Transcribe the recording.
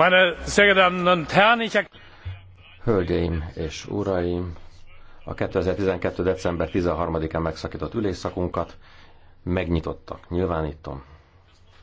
Er- Hölgyeim és uraim, a 2012. december 13-án megszakított ülésszakunkat megnyitottak. Nyilvánítom.